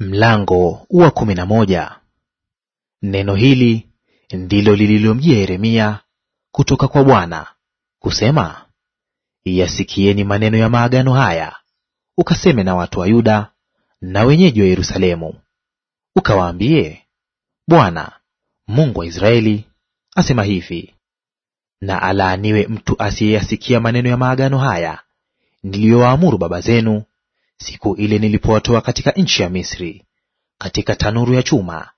Mlango wa kumi na moja. Neno hili ndilo lililomjia Yeremia kutoka kwa Bwana kusema, yasikieni maneno ya maagano haya, ukaseme na watu wa Yuda na wenyeji wa Yerusalemu, ukawaambie, Bwana Mungu wa Israeli asema hivi, na alaaniwe mtu asiyeyasikia maneno ya maagano haya niliyowaamuru baba zenu siku ile nilipowatoa katika nchi ya Misri, katika tanuru ya chuma,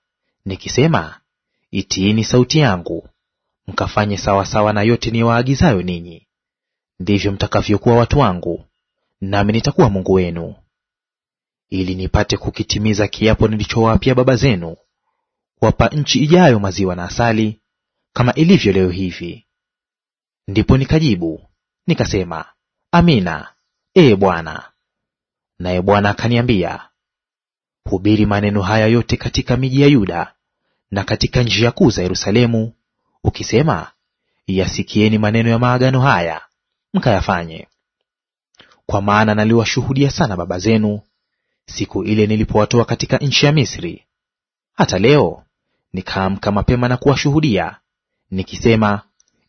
nikisema, itiini sauti yangu, mkafanye sawasawa na yote niwaagizayo ninyi; ndivyo mtakavyokuwa watu wangu, nami nitakuwa Mungu wenu, ili nipate kukitimiza kiapo nilichowapia baba zenu, kuwapa nchi ijayo maziwa na asali, kama ilivyo leo hivi. Ndipo nikajibu nikasema, Amina, ee Bwana. Naye Bwana akaniambia, hubiri maneno haya yote katika miji ya Yuda na katika njia kuu za Yerusalemu, ukisema, yasikieni maneno ya maagano haya mkayafanye. Kwa maana naliwashuhudia sana baba zenu siku ile nilipowatoa katika nchi ya Misri, hata leo nikaamka mapema na kuwashuhudia nikisema,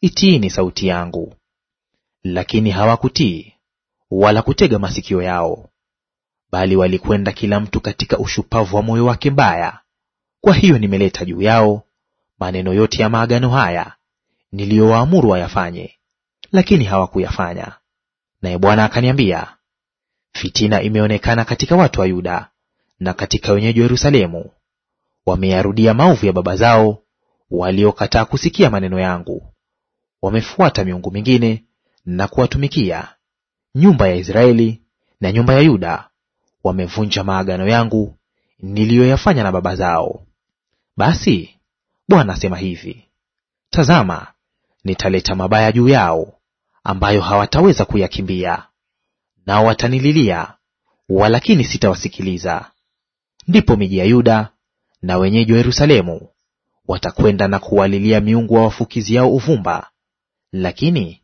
itiini sauti yangu. Lakini hawakutii wala kutega masikio yao, bali walikwenda kila mtu katika ushupavu wa moyo wake mbaya. Kwa hiyo nimeleta juu yao maneno yote ya maagano haya niliyowaamuru wayafanye, lakini hawakuyafanya. Naye Bwana akaniambia, fitina imeonekana katika watu wa Yuda na katika wenyeji wa Yerusalemu, wameyarudia maovu ya baba zao waliokataa kusikia maneno yangu. Wamefuata miungu mingine na kuwatumikia, nyumba ya Israeli na nyumba ya Yuda wamevunja maagano yangu niliyoyafanya na baba zao. Basi Bwana asema hivi, tazama, nitaleta mabaya juu yao ambayo hawataweza kuyakimbia, nao watanililia, walakini sitawasikiliza. Ndipo miji ya Yuda na wenyeji wa Yerusalemu watakwenda na kuwalilia miungu wa wafukiziao uvumba, lakini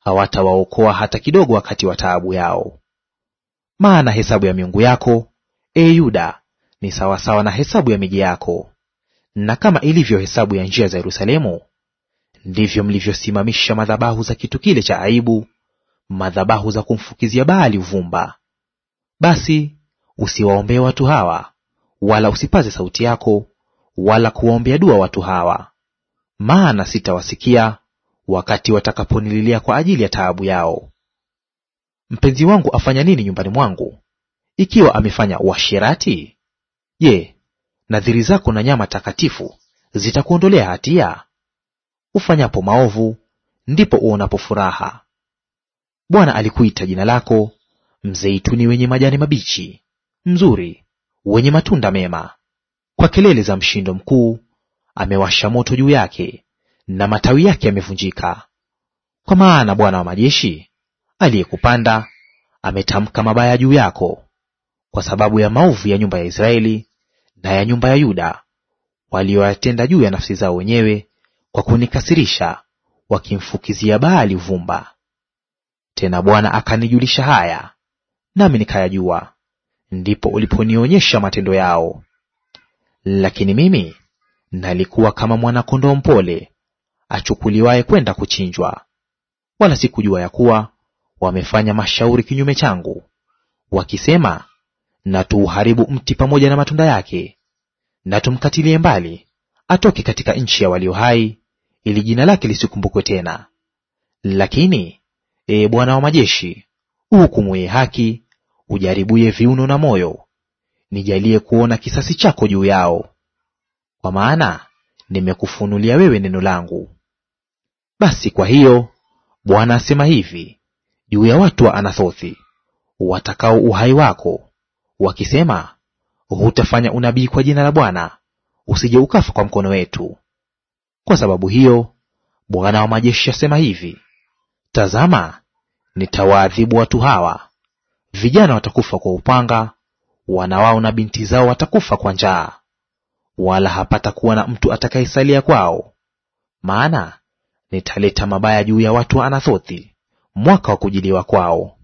hawatawaokoa hata kidogo wakati wa taabu yao. Maana hesabu ya miungu yako, e Yuda, ni sawasawa na hesabu ya miji yako. Na kama ilivyo hesabu ya njia za Yerusalemu, ndivyo mlivyosimamisha madhabahu za kitu kile cha aibu, madhabahu za kumfukizia Baali uvumba. Basi usiwaombee watu hawa, wala usipaze sauti yako, wala kuwaombea dua watu hawa, maana sitawasikia wakati watakaponililia kwa ajili ya taabu yao. Mpenzi wangu afanya nini nyumbani mwangu? Ikiwa amefanya uasherati, je, nadhiri zako na nyama takatifu zitakuondolea hatia? Ufanyapo maovu, ndipo uonapo furaha. Bwana alikuita jina lako mzeituni wenye majani mabichi, mzuri wenye matunda mema. Kwa kelele za mshindo mkuu amewasha moto juu yake, na matawi yake yamevunjika. Kwa maana Bwana wa majeshi aliyekupanda ametamka mabaya juu yako, kwa sababu ya maovu ya nyumba ya Israeli na ya nyumba ya Yuda walioyatenda juu ya nafsi zao wenyewe, kwa kunikasirisha wakimfukizia Baali vumba Tena Bwana akanijulisha haya, nami nikayajua; ndipo uliponionyesha matendo yao. Lakini mimi nalikuwa kama mwana-kondoo mpole achukuliwaye kwenda kuchinjwa, wala sikujua ya kuwa wamefanya mashauri kinyume changu, wakisema, na tuuharibu mti pamoja na matunda yake, na tumkatilie mbali atoke katika nchi ya walio hai, ili jina lake lisikumbukwe tena. Lakini ee Bwana wa majeshi, uhukumuye haki, ujaribuye viuno na moyo, nijalie kuona kisasi chako juu yao, kwa maana nimekufunulia wewe neno langu. Basi kwa hiyo Bwana asema hivi: juu ya watu wa Anathothi watakao uhai wako, wakisema, hutafanya unabii kwa jina la Bwana, usije ukafa kwa mkono wetu. Kwa sababu hiyo Bwana wa majeshi asema hivi, tazama, nitawaadhibu watu hawa; vijana watakufa kwa upanga, wana wao na binti zao watakufa kwa njaa, wala hapatakuwa na mtu atakayesalia kwao, maana nitaleta mabaya juu ya watu wa Anathothi mwaka wa kujiliwa kwao.